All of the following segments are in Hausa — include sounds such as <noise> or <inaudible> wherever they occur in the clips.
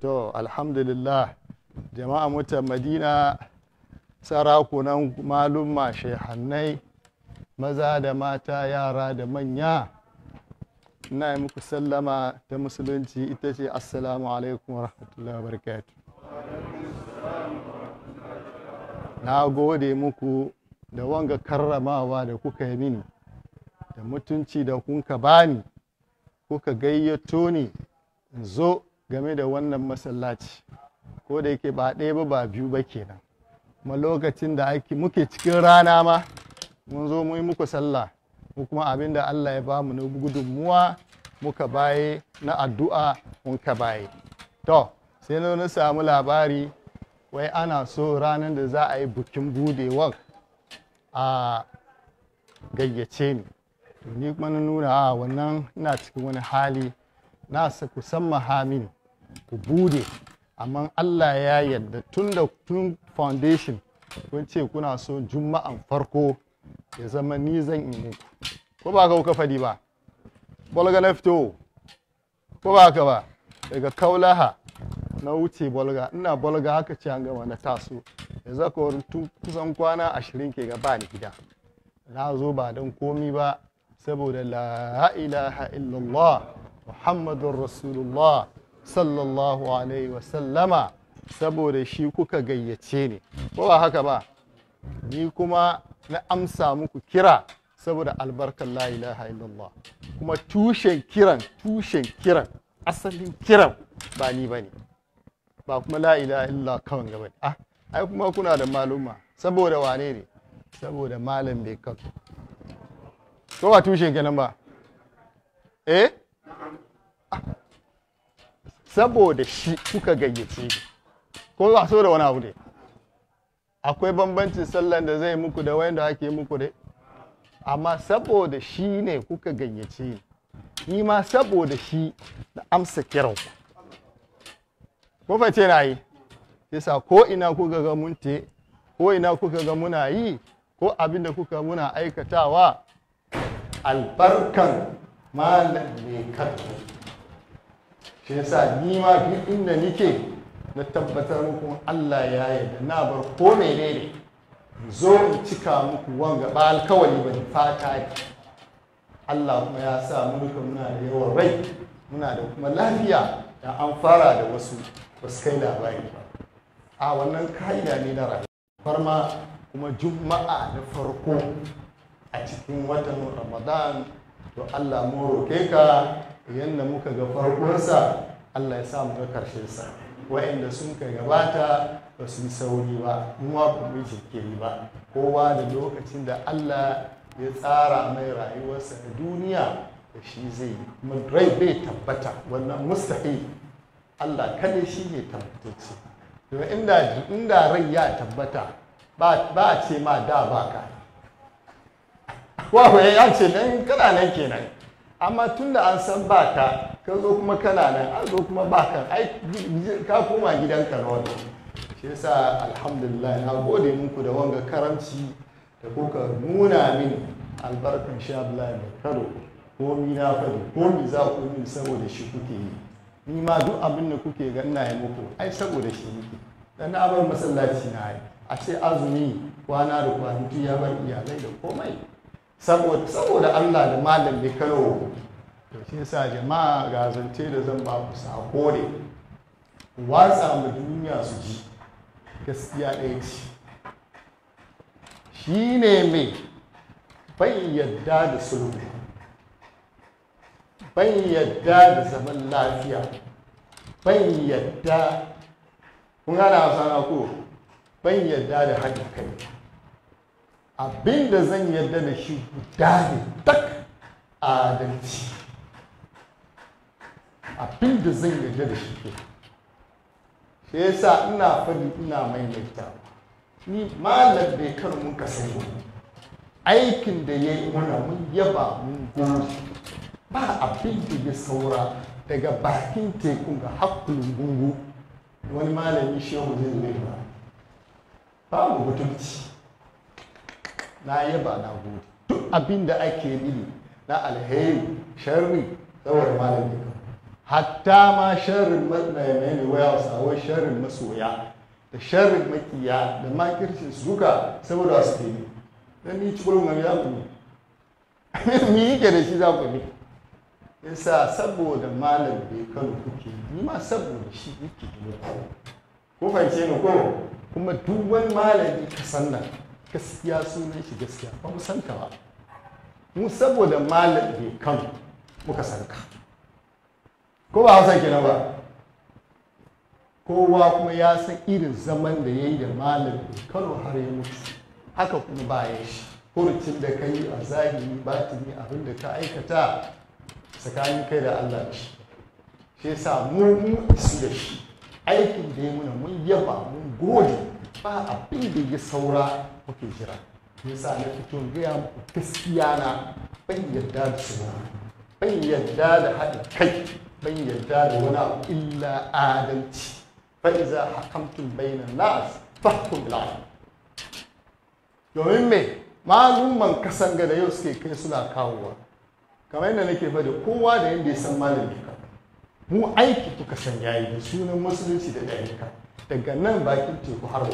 to alhamdulillah jama'a mutan madina sarakunan malumma shehannai maza da mata yara da manya na yi muku sallama ta musulunci ita ce assalamu alaikum rahmatullahi barakatu na gode muku da wanga karramawa da kuka yi mini da mutunci da kunka bani kuka gayyato ni in zo game da wannan masallaci ko da yake ba ɗaya ba ba biyu ba kenan kuma lokacin da ake muke cikin rana ma mun zo mu yi muku sallah ko kuma abin da Allah ya ba mu na gudunmuwa muka baye na addu'a mun ka baye to sai na samu labari wai ana so ranar da za a yi bukin budewar. a gayyace ni to ni kuma na nuna a ah, wannan ina cikin wani hali na sa ku san ku bude amma Allah ya yarda tun da tun foundation kun ce kuna so juma'an farko ya zama ni zan yi muku ko ba ka kuka ba bolga na ko ba ka ba daga kaulaha na wuce bolga ina bolga haka ce an gama na taso Da aka wurin kusan kwana ashirin ke gaba ni gida na zo ba don komi ba saboda la ilaha illallah muhammadun rasulullah sallallahu alaihi wasallama saboda shi kuka gayyace ni ko ba haka ba ni kuma na amsa muku kira saboda albarkar la ilaha illallah kuma tushen kiran tushen kiran asalin kiran ba ni ba ne ba kuma la ilaha illallah kawan gaba ne ah, ai kuma kuna da maluma saboda wane ne saboda malam bai kafa. ko ba tushe kenan ba eh saboda shi kuka gayyace ko ba saboda da wani abu ne akwai bambancin sallan da zai muku da wanda ake muku dai amma saboda shi ne kuka gayyace ni ma saboda shi da amsa kiran ku ko fa ce na yi yasa ko ina kuka ga mun ko ina kuka ga muna yi ko abinda da kuka muna aikatawa albarkan malam ne karfi shi yasa ni ma duk inda nike na tabbatar muku Allah ya yarda na bar ko menene zo in cika muku wanga ba alkawari ba fata ne Allah kuma ya sa mu duka muna da yawan rai muna da kuma lafiya da an fara da wasu ba su kai labari ba a wannan ka'ida ne na rayuwa farma kuma juma'a na farko a cikin watan ramadan to allah mu roƙe ka yadda muka ga farkonsa allah ya sa ga karshensa wa'inda sun ka gabata ba su yi sauri ba kuma ba mu jinkiri ba kowa da lokacin da allah ya tsara mai rayuwarsa na duniya da shi zai yi rai bai tabbata wannan mustahil allah kada shi ne tabbatacce inda inda rai ya tabbata ba a ce ma da ba ka wawo ya ce nan kana nan kenan amma tunda an san ba ka ka zo kuma kana nan an zo kuma ba ka ai ka koma gidanka na wani shi yasa alhamdulillah na gode muku da wanga karamci da kuka nuna min albarkan sha Allah mai karo komi na fadi komi za ku yi saboda shi kuke yi ni ma duk abin da kuke ga ina yi muku ai saboda shi muke dan na bar masallaci na yi ce azumi kwana da kwanaki ya bar iyalai da komai saboda saboda Allah da malam ne karo to shi yasa jama'a ga zance da zan ba ku sako ne watsa mu duniya su ji gaskiya ɗaya ce shi ne mai bai yadda da sulhu ban yadda da zaman lafiya ban yadda kun hana a sana ko ban yadda da haɗin kai abinda zan yadda da shi guda ne tak adalci abinda zan yadda da shi ke shi yasa ina faɗi ina maimaita ni malam bai kar mun kasance aikin da ya yi mana mun yaba mun gode ba abin da ya saura daga bakin tekun ga hakkulin gungu wani malami shehu zai ne ba babu mutunci na yaba na gode duk abin da ake yi na alheri sharri tsawar malami kan hatta ma sharrin mai ne waya sawo sharrin masoya da sharrin makiya da makircin suka saboda su ne dan ni ci gurin ya ku ne mi <laughs> yake da shi za ku ne yasa saboda malam bai kano kuke yi ma saboda shi kuke yi ko fahimce ni ko kuma duk wani malami ka san nan gaskiya sunan shi gaskiya ba mu san ka ba mu saboda malam bai kano muka san ka ko ba hausa kenan ba kowa kuma ya san irin zaman da ya yi da malam kano har ya mutu haka kuma ba ya shi hurucin da ka yi a zahiri batini abin da ka aikata tsakanin kai da Allah shi shi yasa mu mu isu da shi aikin da ya muna mun yaba mun gode ba abin da ya saura kuke jira yasa na fito gaya muku gaskiya na ban yarda da suna ban yarda da haɗin kai ban yarda da wani abu illa adalci fa iza hakamtum bainan nas fahkum bil domin me maluman kasan da yau suke kai suna kawowa kamar yadda nake da kowa da yadda ya san malami ka mu aiki kuka san yayi da sunan musulunci da ɗarika daga nan bakin teku har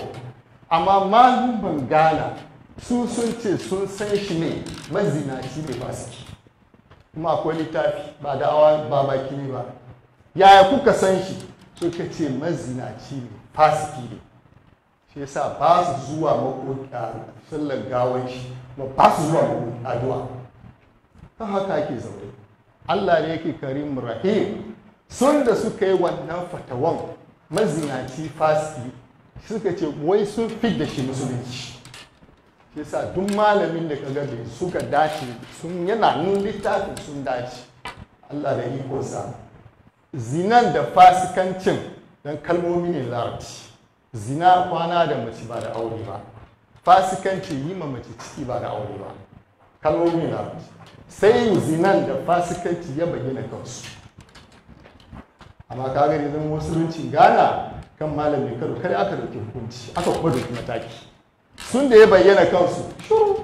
amma malumban bangala su sun ce sun san shi ne mazina shi ne basiki kuma akwai littafi ba da awa ba baki ne ba yaya kuka san shi suka ce mazinaci ne fasiki ne shi yasa ba su zuwa makoki a sallar gawan shi ba su zuwa addu'a ta haka ake zaune Allah ne yake karim rahim sun da suka yi wannan fatawan mazinaci fasi suka ce wai sun fit da shi musulunci shi sa duk malamin da kaga bai suka dace sun yana nun littafin sun dace Allah da iko sa zinan da fasikancin dan kalmomi ne larabci zina kwana da mace ba da aure ba fasikanci yi ma mace ciki ba da aure ba kalmomi larabci sai zinan da fasikanci ya bayyana kansu amma ka gani zan musuluncin gana kan malam mai karo kare aka dauki hukunci aka kuma dauki mataki sun da ya bayyana kansu shuru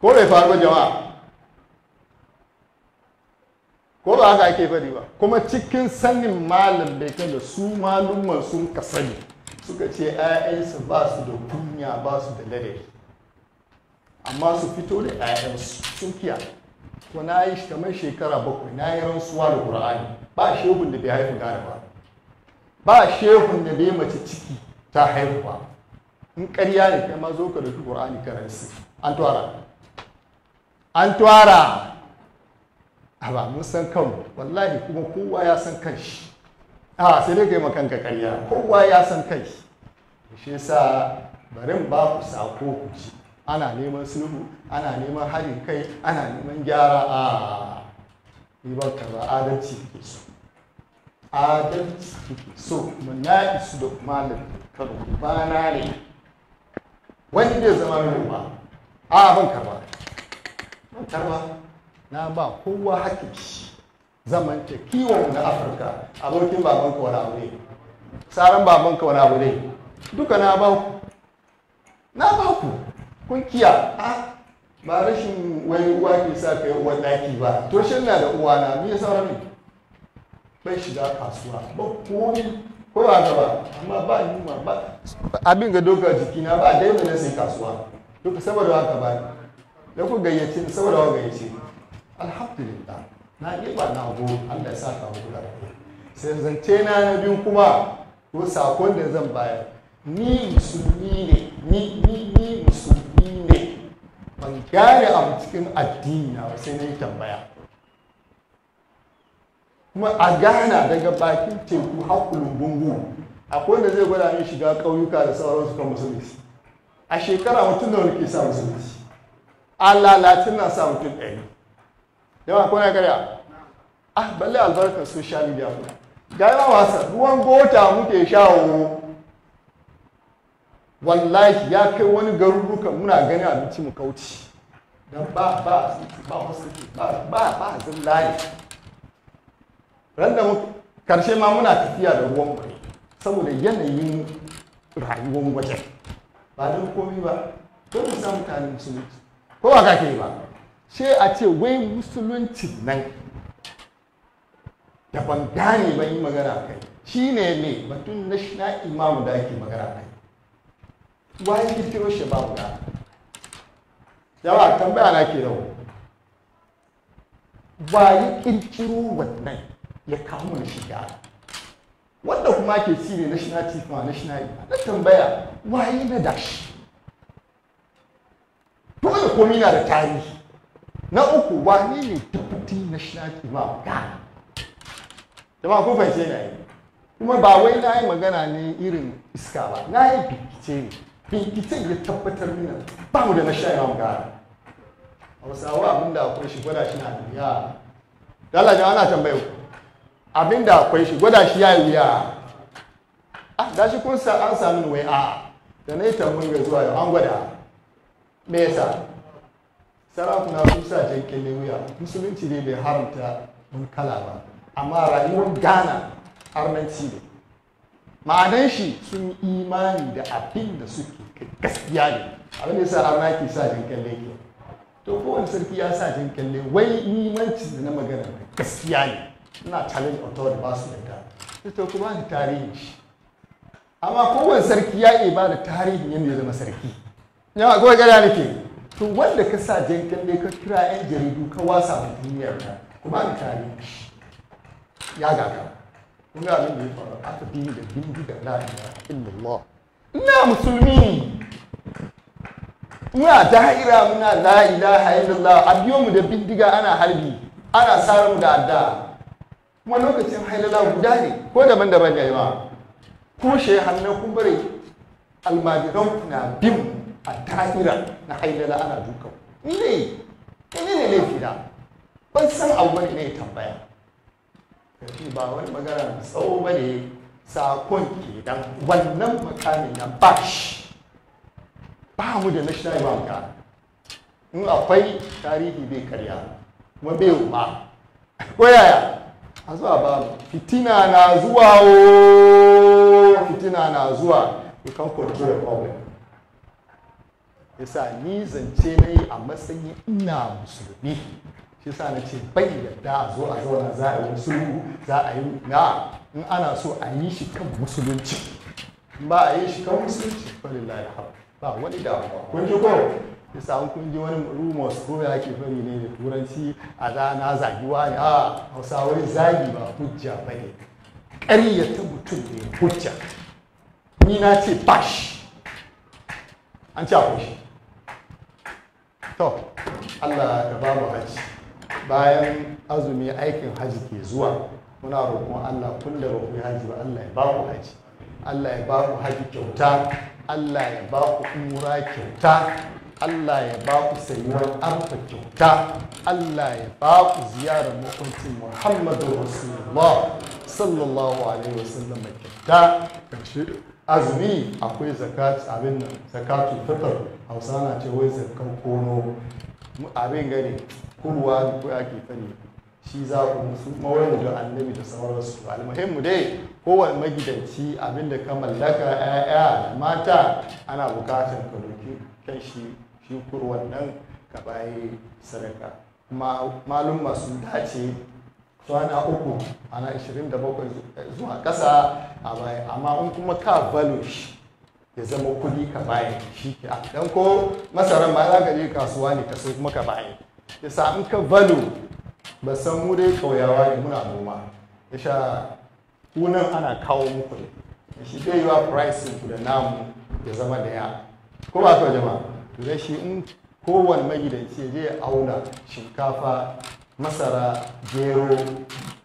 ko bai faru jama'a ko ba haka ake fari ba kuma cikin sanin malam bai kai da su malumman sun kasani, suka ce 'ya'yansu ba su da kunya ba su da ladabi amma su fito da 'ya'yansu sun fiya Ko na yi kamar shekara bakwai na yi rantsuwa da ƙur'ani ba shehun da bai haifu gane ba ba shehun da bai mace ciki ta haihu ba in ƙarya ne kai ma zo ka rufe ƙur'ani ka rantsi an tuwara an tuwara. a ba mun san kanmu wallahi kuma kowa ya san kanshi a sai dai kai makanka ƙarya kowa ya san kanshi shi yasa bari ba ku sako ku ci ana neman sulhu ana neman haɗin kai ana neman gyara a ribar kaza adalci da su adalci su so mana isu da malam karo na ne wani zai zama mai ba a ban karba ban karba na ba kowa haƙƙin shi zaman ta kiwon na afirka abokin babanka wani abu ne tsarin babanka wani abu ne duka na ba ku na ba ku kunkiya a ba rashin wani uwa ke sa ka uwa daki ba to shin na da uwa na me yasa rami bai shiga kasuwa ba komi ko ba ka ba amma ba ma ba abin ga doka jikina ba da yau na sai kasuwa duka saboda haka ba da ku gayyace saboda wa gayyace alhamdulillah na yi ba na go Allah ya sa ka hudu da sai zance na na biyu kuma ko sakon da zan bayar ni musulmi ne ni ni ban gane abu cikin addini na sai na yi tambaya kuma a ghana daga bakin teku haƙulun gungu akwai wanda zai gwada min shiga ƙauyuka da sauransu kan musulunci a shekara mutum da wani ke sa musulunci a lalatin na sa mutum ɗari yawa kwana karya ah balle albarkar social media ba ga ma wasa ruwan gota muke shawo wallahi ya kai wani garuruka muna gani abinci mu kauci don ba ba ba ba ba ba zillaye ran da karshe ma muna tafiya da ruwan mai saboda yanayin rayuwar wajen ba don komi ba don mu samu mutane musulunci ko ba kake ba sai a ce wai musuluncin nan da ban gane ba yi magana kai shi ne batun national imam da ake magana kai YPTO shabab na yawa tambaya na ke yau ba yi kirkiro wannan ya kawo mana shiga wanda kuma ke ci ne national chief ma national na tambaya waye na dashi dole komi na da tarihi na uku wani ne deputy national imam ga jama ko fahimce na yi kuma ba wai na yi magana ne irin iska ba na yi bikice ne binciken ya tabbatar mina ba mu da na shaya mu gara hausawa abinda akwai shi gwada shi na duniya dala ne ana tambaye ku abinda akwai shi gwada shi ya yi wuya ah da shi kun sa an sami wai a ah, da na yi tambayi ga zuwa yau an gwada me yasa sarakuna sun sa jankin ne wuya musulunci ne bai haramta mun kala ba amma rayuwar ghana armenci ne ma'anan shi sun imani da abin da suke gaskiya ne abin da yasa ma ke sa jan kalle ke to kowane sarki ya sa jan kalle wai nimanci da na magana gaskiya ne ina challenge authority ba su da ta to kuma da tarihi shi amma kowane sarki ya yi ba da tarihin yadda ya zama sarki yawa kawai gada nake to wanda ka sa jan kalle ka kira yan jaridu ka wasa a duniyar ka kuma da tarihi shi ya gaga kun ga abin da ya faru aka bi da bindiga la ilaha illallah ina musulmi muna haira muna la ilaha illallah a biyo mu da bindiga ana harbi ana sara mu da adda kuma lokacin hailala guda ne ko daban-daban ne ba kuma shi hannun kumbare almajiran na bin a tahira na hailala ana duka ne ne ne laifi da ban san abu ne tambaya ba wani magana tsawo ba ne sakon idan wannan makami na bash ba mu da national bank in akwai tarihi bai karya kuma bai ba <laughs> ko yaya a zuwa ba fitina na zuwa o oh, fitina na zuwa you can control the problem yasa ni zance na yi a matsayin ina musulmi shi sa na ce bai yadda a zo a zauna za a yi musulmi za a yi na in ana so a yi shi kan musulunci ba a yi shi kan musulunci falillahi alhamd ba wani damuwa kun ji ko Ya samu kun ji wani rumors ko ya ke fari ne da turanci a zana zagiwa ne a hausa wani zagi ba hujja ba ne ƙaryata mutum ne hujja ni na ce bash an ci akwai shi to allah da mu hajji bayan azumi aikin hajji ke zuwa muna roƙon Allah kun da ba haji ba Allah ya ba ku haji Allah ya haji kyauta Allah ya ba ku kyauta Allah ya ba ku sayuwar arfa kyauta Allah ya ba ku ziyarar makwabcin Muhammadu Rasulullah sallallahu alaihi wasallam kyauta azumi akwai zakat abin nan zakatu fitar hausa na ce wai zakan kono abin gani kurwa ko ake fani shi za ku musu mawani da annabi da sauransu almuhimmu dai kowane magidanci abinda ka mallaka ya'ya da mata ana bukatar ka doki kan shi shi kurwan nan ka baye sadaka malum masu dace kwana uku ana 27 zuwa ƙasa a baya amma in kuma ka balo shi ya zama kuɗi ka baye. shi ke dan ko masaran ma za ka je kasuwa ne ka sai kuma ka Ya sa in ka balo ba san mu dai kauyawa ne muna noma ya sha kunan ana kawo muku ne shi bai yiwa pricing da namu ya zama da ya ko ba ka jama'a to dai shi in kowane magidanci ya auna shinkafa masara gero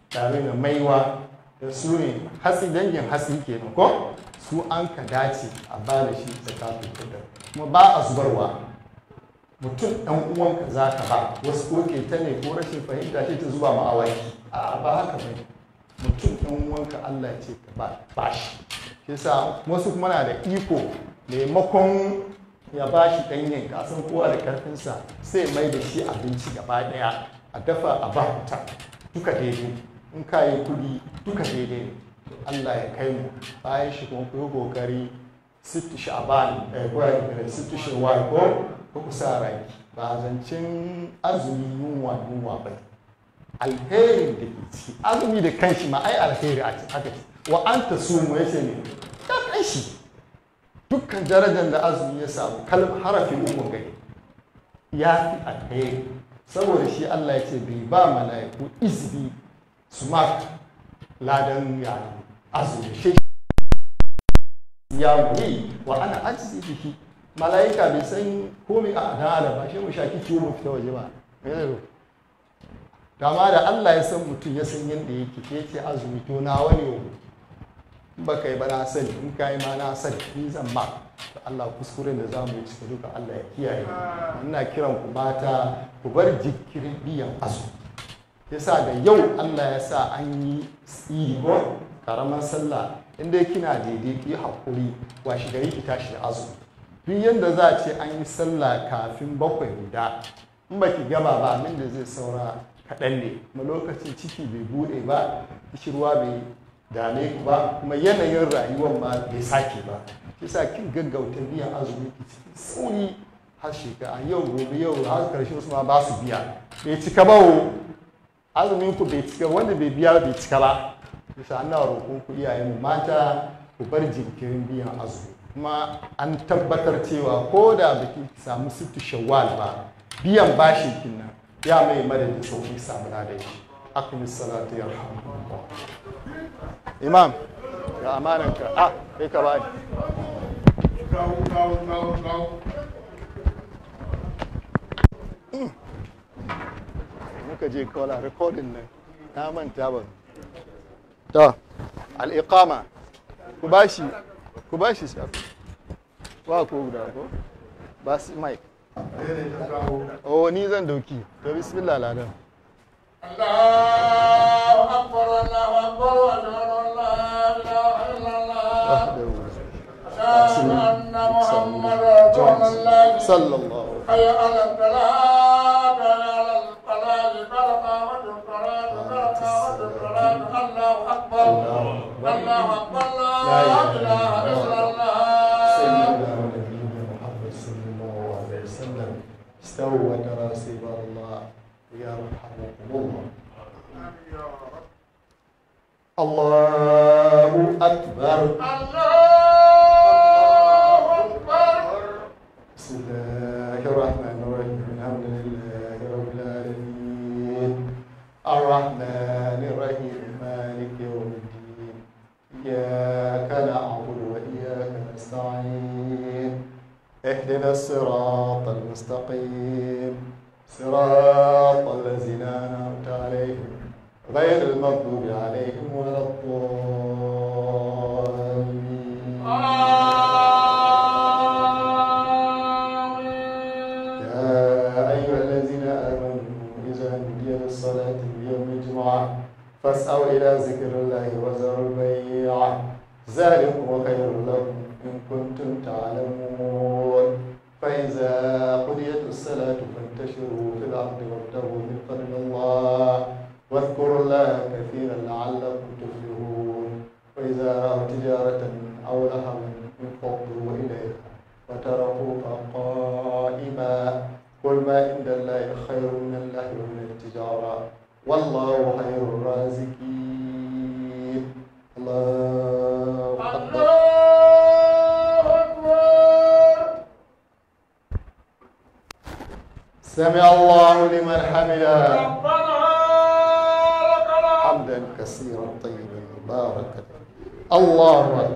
tare da maiwa da su ne hatsi dangin hatsi kenan ko su an ka dace a bada shi da kafin kuma ba a zubarwa mutum ɗan uwanka za ka ba wasu koke ta ne ko rashin fahimta ce ta zuwa ma'awai a ba haka ba mutum ɗan uwanka Allah ce ka ba ba shi wasu kuma na da iko maimakon ya ba shi ɗanyen kasan kowa da karfinsa sai mai da shi abinci gaba ɗaya a dafa a ba ta duka daidai in ka yi kuɗi duka daidai Allah ya kai mu bayan shi kuma ku yi kokari eh, ko ko kusa sa rai ba zancen azumi yunwa yunwa ba alherin da ke azumi da kanshi ma ai alheri a haka wa an ta su mu yace ne ta kanshi dukkan darajar da azumi ya samu kalm harafin uku gai ya fi alheri saboda shi Allah ya ce bai ba mala'iku izbi smart ladan ya azumi shi ya wa ana ajizi jiki mala'ika bai san komai a dan ba shi mu shaki ciwo mu fita waje ba ma da Allah ya san mutum ya san yadda ya ke ce azumi to na wani wani in ba kai ba na sani in ka yi ma na sani ni zan ba. to Allah kuskuren da za mu yi cika duka Allah ya kiyaye ina kiran ku mata ku bar jikirin biyan azumi sa da yau Allah ya sa an yi tsiri ko karamar sallah in dai kina daidai ki haƙuri shi gari ki tashi da azumi duk yadda za a ce an yi sallah kafin bakwai guda in baki gaba ba min da zai saura kaɗan ne kuma lokacin ciki bai buɗe ba kishirwa bai dame ku ba kuma yanayin rayuwar ma bai sake ba kisa kin gaggauta biyan azumi cikin sauri har shekara yau gobe yau har karshe wasu ma ba su biya bai cika ba o azumin ku bai cika wanda bai biya bai cika ba bisa ana roƙon ku iyayen mata ku bar jinkirin biyan azumi kuma an tabbatar cewa ko da baki samu sittu shawwal ba biyan bashin kinnan ya mai madadin sauki samu dai akwai salatu ya imam ga amananka a ah, kai ka bani mm. muka je kola rikodin nan na manta ba to al'iqama ku bashi ku bashi shafi ba ko guda ko ba su mai o ni zan dauki to bismillah ladan Allahu akbar akbar ah, سود راسي بار الله يا رب حرقكم الله الله أكبر الله أكبر بسم الله الرحمن الرحيم الحمد لله رب العالمين الرحمن الرحيم مالك يوم الدين إياك نعبد وإياك نستعين اهدنا الصراط الصراط المستقيم صراط الذين أنعمت عليهم غير المغضوب عليهم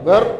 أكبر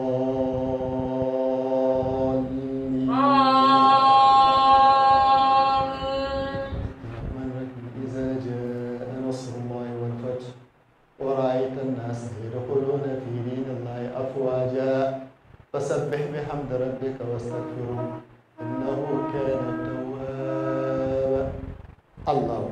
حمد ربك واستغفره إنه كان توابا الله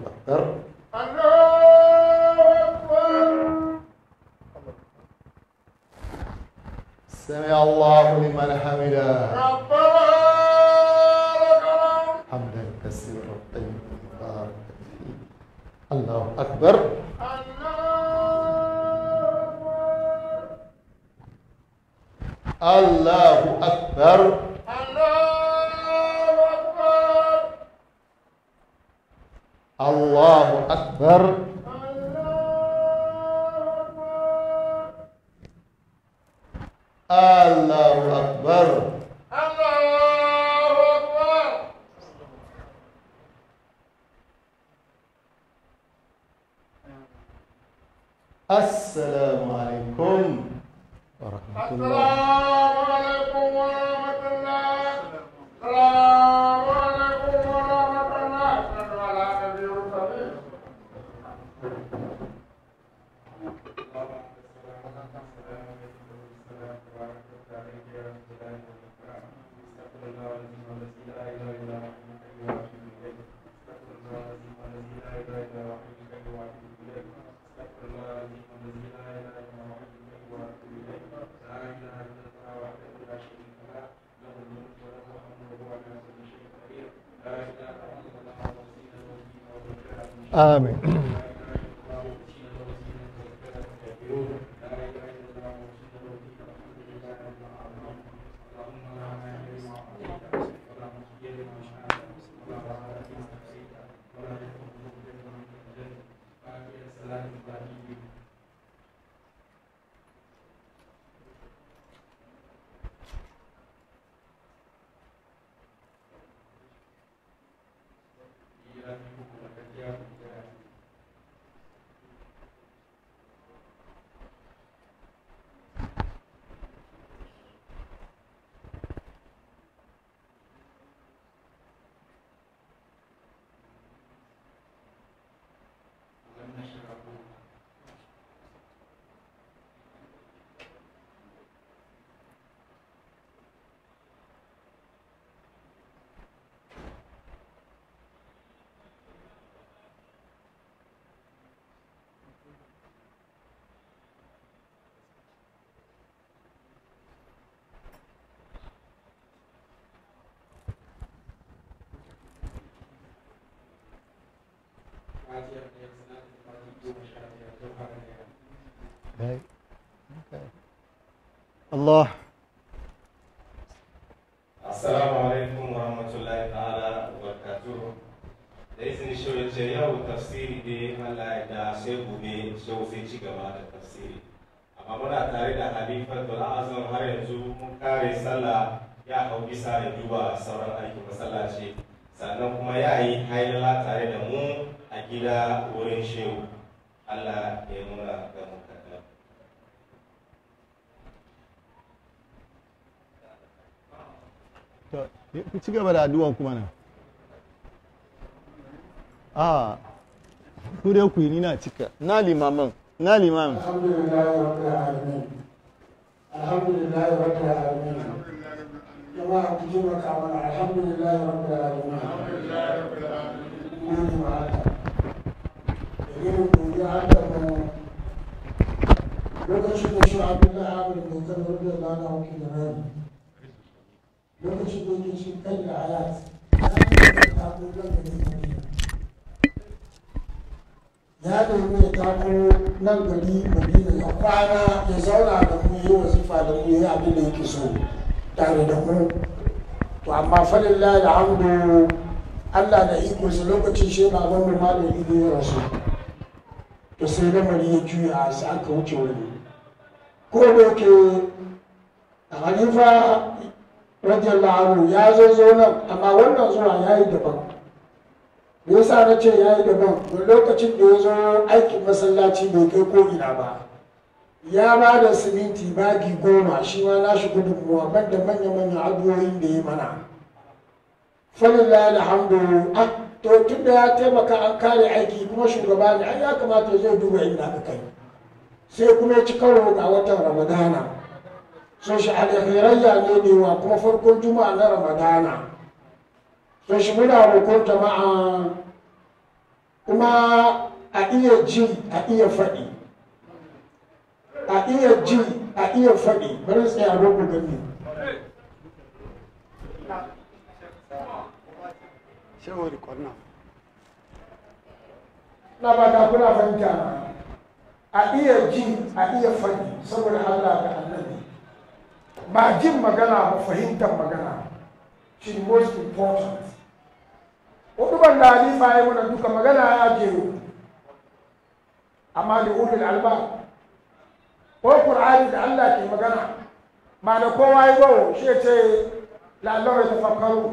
الله أكبر Amén. Allah Assalamu alaikum wa rahmatullahi ta'ala wa barakatuhu da izini shirin ce yau tafsiri ne Allah ya da sai gobe sai sai ci gaba da tafsiri amma muna tare da Halifa Dul Azam har yanzu mun kare sallah ya hau bisa ya duba sauran aikin masallaci sannan kuma ya yi ci gaba da addu'a kuma nan a ku dai ku yi ni na cika na limaman na limamin alhamdulillah rabbil alamin jama'a ku ji maka mana alhamdulillah rabbil alamin alhamdulillah rabbil alamin lokacin da shi abin da abin da kan rubuta lana wakil da rani lokacin da yake cikin kan da ayat ya nemi ya tako nan gari madina ya kwana ya zauna da mu yi wazifa da mu yi abin da yake so tare da mu to amma falillah da hamdu allah da ikonsa lokacin shi ba ban da malami ne ya rasu to sai mari ya juya sai aka wuce wani ko da yake halifa radiyallahu anhu ya zo zo nan amma wannan zuwa ya yi daban me yasa na ce ya yi daban da lokacin da ya zo aikin masallaci bai kai ko ina ba ya ba da siminti bagi goma shi ma na shi gudunmuwa ban da manya manya addu'o'in da ya mana falillah alhamdu ah to tun da ya taimaka an kare aiki kuma shugaba ne an ya kamata zai duba inda aka kai sai kuma ya ci karo ga watan ramadana so shi alhirayya ne ne wa kuma farkon juma'a na ramadana so shi muna roƙon jama'a kuma a iya ji a iya faɗi a iya ji a iya faɗi bari tsaya roƙo gani shawari kwanna na ba ta kuna fahimta a iya ji a iya faɗi saboda Allah da annabi ba jin magana ba fahimtar magana shi most important ban da ni ba yi wannan duka magana ya jero amma da ulul alba ko qur'ani da Allah ke magana ma da kowa yi gawo shi ya ce la'allahu yatafakkaru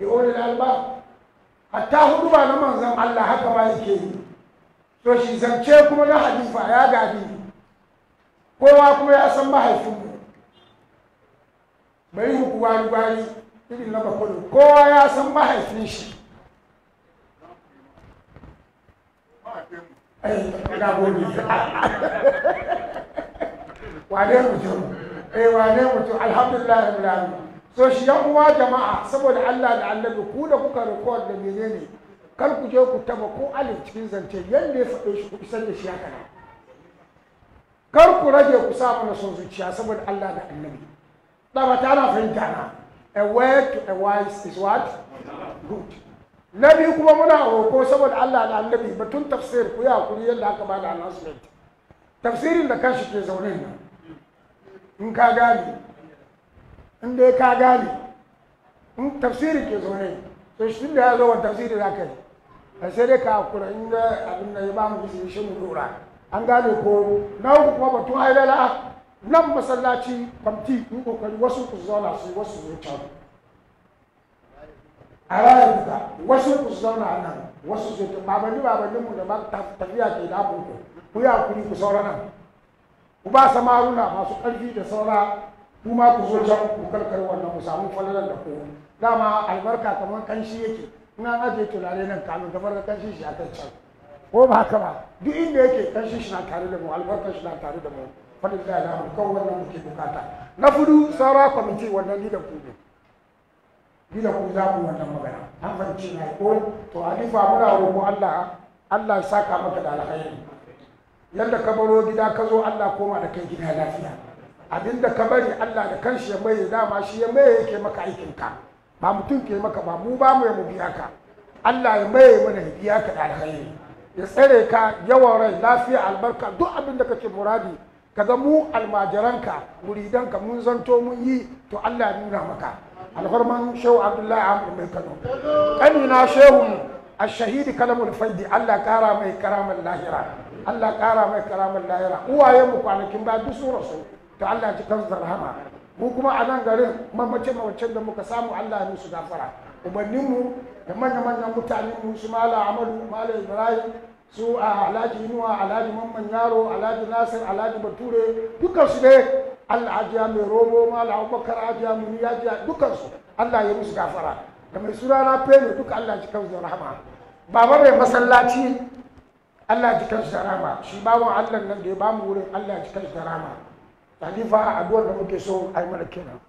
da ulul alba hatta ba na manzan Allah haka ba yake yi to shi zance kuma na hadifa ya gadi kowa kuma ya san mahaifinmu bai yi wani wani irin na bakwado kowa ya san mahaifin shi ga eh, gobe <laughs> wane mutum eh wane mutum alhamdulillah rabbil so shi yan uwa jama'a saboda Allah da Annabi ku da kuka record da menene kar ku je ku taba ko alif cikin zance yanda ya faɗo shi ku isar da shi haka kar ku rage ku sa mana son zuciya saboda Allah da Annabi Dabata ana fahimta na. A word to a wise is what? Good. Na biyu kuma muna roko saboda Allah da annabi batun tafsir ku ya hakuri yadda aka ba da announcement. Tafsirin da kanshi ke zaune nan. In ka gane. In dai ka gane. In tafsirin ke zaune. To shi da ya zo wani tafsirin za ka yi. sai dai ka kula in abin da ya ba mu bisi shi mu dora. An gane ko na uku kuma batun hailala nan masallaci kwamti ku kokari wasu ku zauna su wasu su can a rayar da wasu ku zauna nan wasu su ta babanni babanni mu da ba tafiya ke da ku ku ya kuri ku saura nan ku ba samaruna masu ƙarfi da saura kuma ku zo can ku karkar wannan ku samu falalar da ku dama albarka kamar kanshi yake ina ajiye turare nan kamin kamar da kanshi shi a kan can ko ba haka ba duk inda yake kanshi shi na tare da mu albarkar shi na tare da mu falilla alhamdu kawai wannan muke bukata na fudu saura kwamiti wannan ni da ku ne ni da ku za mu wannan magana an fahimci na ko to alifa muna roƙo Allah Allah ya saka maka da alkhairi yadda ka baro gida ka zo Allah koma da kai gida lafiya abinda ka bari Allah da kanshi ya mai dama shi ya mai yake maka aikin ka ba mutum ke maka ba mu ba mu ya mu biya ka Allah ya mai mana biya ka da alkhairi ya tsare ka yawan rai lafiya albarka duk abinda da kake muradi kaga mu almajiranka muridanka mun zanto mun yi to Allah ya nuna maka alhorman shehu abdullahi amur mai kano shehu ashahidi kalamul faidi Allah kara mai karamar lahira Allah kara mai karamar lahira uwaye mu kwanakin ba duk su rasu to Allah ji kan zarhama mu kuma a nan garin mamace mawacin da muka samu Allah ya musu gafara ubanninmu da manya-manyan mutane mu su mala amadu mala ibrahim su a alhaji inuwa alhaji mamman yaro alhaji nasir alhaji bature dukkan su dai allah ajiya mai romo mala abubakar ajiya muni ajiya dukkan su allah ya musu gafara da mai suna na fere duka allah ji kansu da rahama baba mai masallaci allah ji kansu da rahama shi bawan allah nan da ya bamu wurin allah ji kansu da rahama talifa addu'ar da muke so a yi mana kenan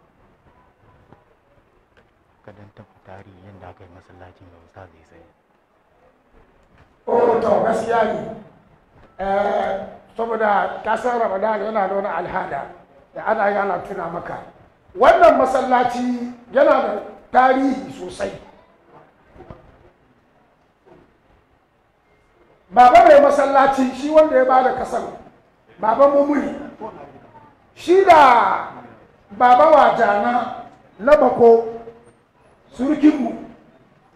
kadan ta tarihi yadda aka yi masallacin da zai tsaye oh to gaskiya ne eh, saboda kasar ramadan yana da wani alhada da ana yana tuna maka wannan masallaci yana da tarihi sosai baba mai masallaci shi wanda ya bada kasar baba mumuni shi da baba wajana na bako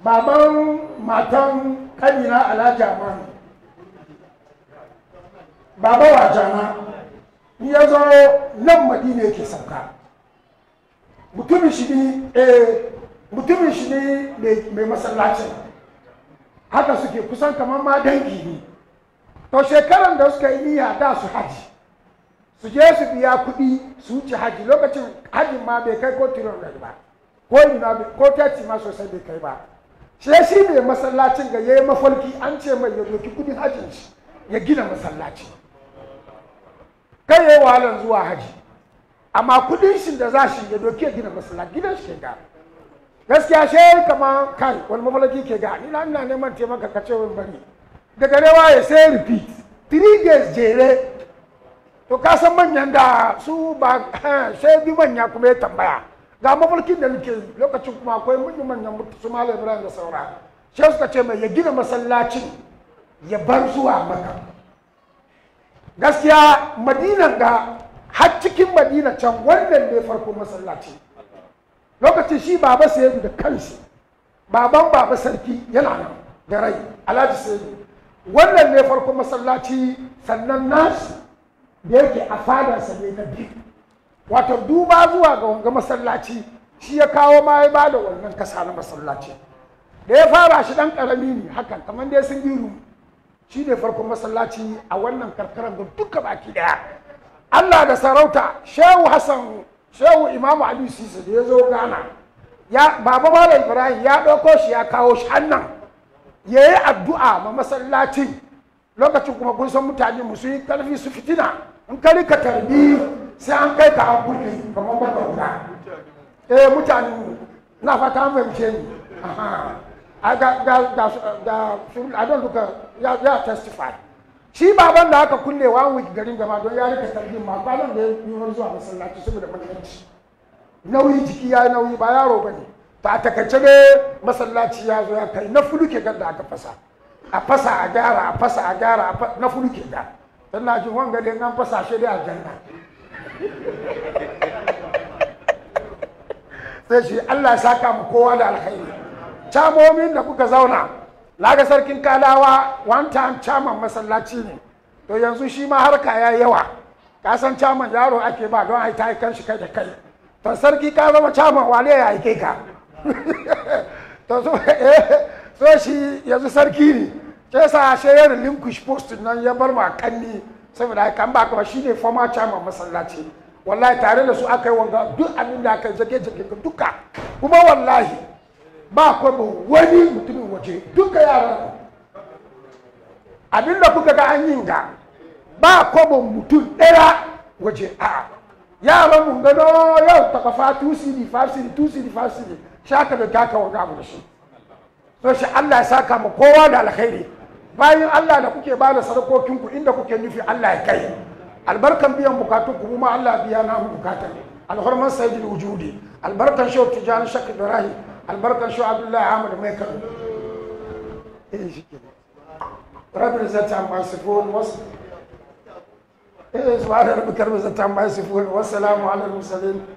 baban matan kanina alhaji amanu baba wajana ya zo nan madina yake sauka mutumin shi ne eh, mutumin shi ne mai masallacin haka suke kusan kamar ma dangi ne to shekaran da suka yi niyya da su haji su je su biya kuɗi su wuce haji lokacin hajin ma bai kai ko tiron ba ko ina ko tati ma sosai bai kai ba shi shi mai masallacin ga yayi mafalki an ce mai ya doki kudin hajjin ya gina masallaci kai yayi wahalar zuwa hajji amma kudin shi da za shi ya doki ya gina masallaci gidan shi ke ga gaskiya shi kama kai wani mafalki ke ga ina ina neman taimaka ka ce wani bari daga rewa ya sai repeat three days jere to ka san manyan da su ba <laughs> sai bi manya kuma ya tambaya ga mafarkin da nake lokacin kuma akwai manyan mutu su malam ibrahim da saura shi suka ce mai ya gina masallacin ya bar zuwa maka gaskiya madinan ga har cikin madina can wannan ne farko masallaci lokacin shi baba sayyidu da kansu baban baba sarki yana nan da rai alhaji sayyidu wannan ne farko masallaci sannan nasu da yake a fadarsa ne na biyu wato duba zuwa ga wanga masallaci shi ya kawo ma ya bada wannan kasa na masallaci da ya fara shi dan karami ne hakan kamar dai sun giru shi ne farkon masallaci a wannan karkaran da duka baki daya Allah da sarauta Shehu Hassan Shehu Imam Ali Sisi da ya zo Ghana ya baba Malam Ibrahim ya dauko shi ya kawo shi annan ya addu'a ma masallacin lokacin kuma kun san mutane mu su yi karfi su fitina in kari ka tarbi sai an kai ka an burge kamar gwada guda eh mutane na fata an fahimce ni a ga ga ga ga adon duka ya ya testify shi baban da aka kulle wa wuce garin gaba don ya rika tarbin ma kwanan da ya yi zuwa masallaci saboda mahimmanci nauyi jiki ya yi nauyi ba yaro ba ne to a takaice ne masallaci ya zo ya kai na fuluke ke da aka fasa a fasa a gyara a fasa a gyara na fulu ke ga dan na ji wanga dai an fasa shi dai aljanna sai shi Allah ya saka mu kowa da alkhairi camomin da kuka zauna laga sarkin kalawa one time caman masallaci ne to yanzu shi ma harka ya yawa ka san caman yaro ake ba don ai ta kan kai da kai to sarki ka zama caman wale ya aike ka <laughs> to so eh, so shi yanzu sarki ne sai sa shi ya relinquish post nan ya bar ma kanni saboda haka an ba shi ne shine former chairman masallaci wallahi tare da su aka yi wanga duk abin da aka zage zage duka kuma wallahi ba ko wani mutumin waje duka yara abin da kuka ga an yi ga ba ko mutum ɗaya waje a yaran mun gano yau ta kafa 2 di farsi di tusi di farsi cd shaka da taka wanga abu da shi to shi Allah ya saka mu kowa da alkhairi bayan Allah da kuke bada da sadakokinku inda kuke nufi Allah ya kai albarkan biyan bukatun ku kuma Allah biya na mu bukatan alhurman sayyidul wujudi albarkan shaw tijan shak ibrahim albarkan shaw abdullahi ahmad mai kan eh shike was eh wassalamu mursalin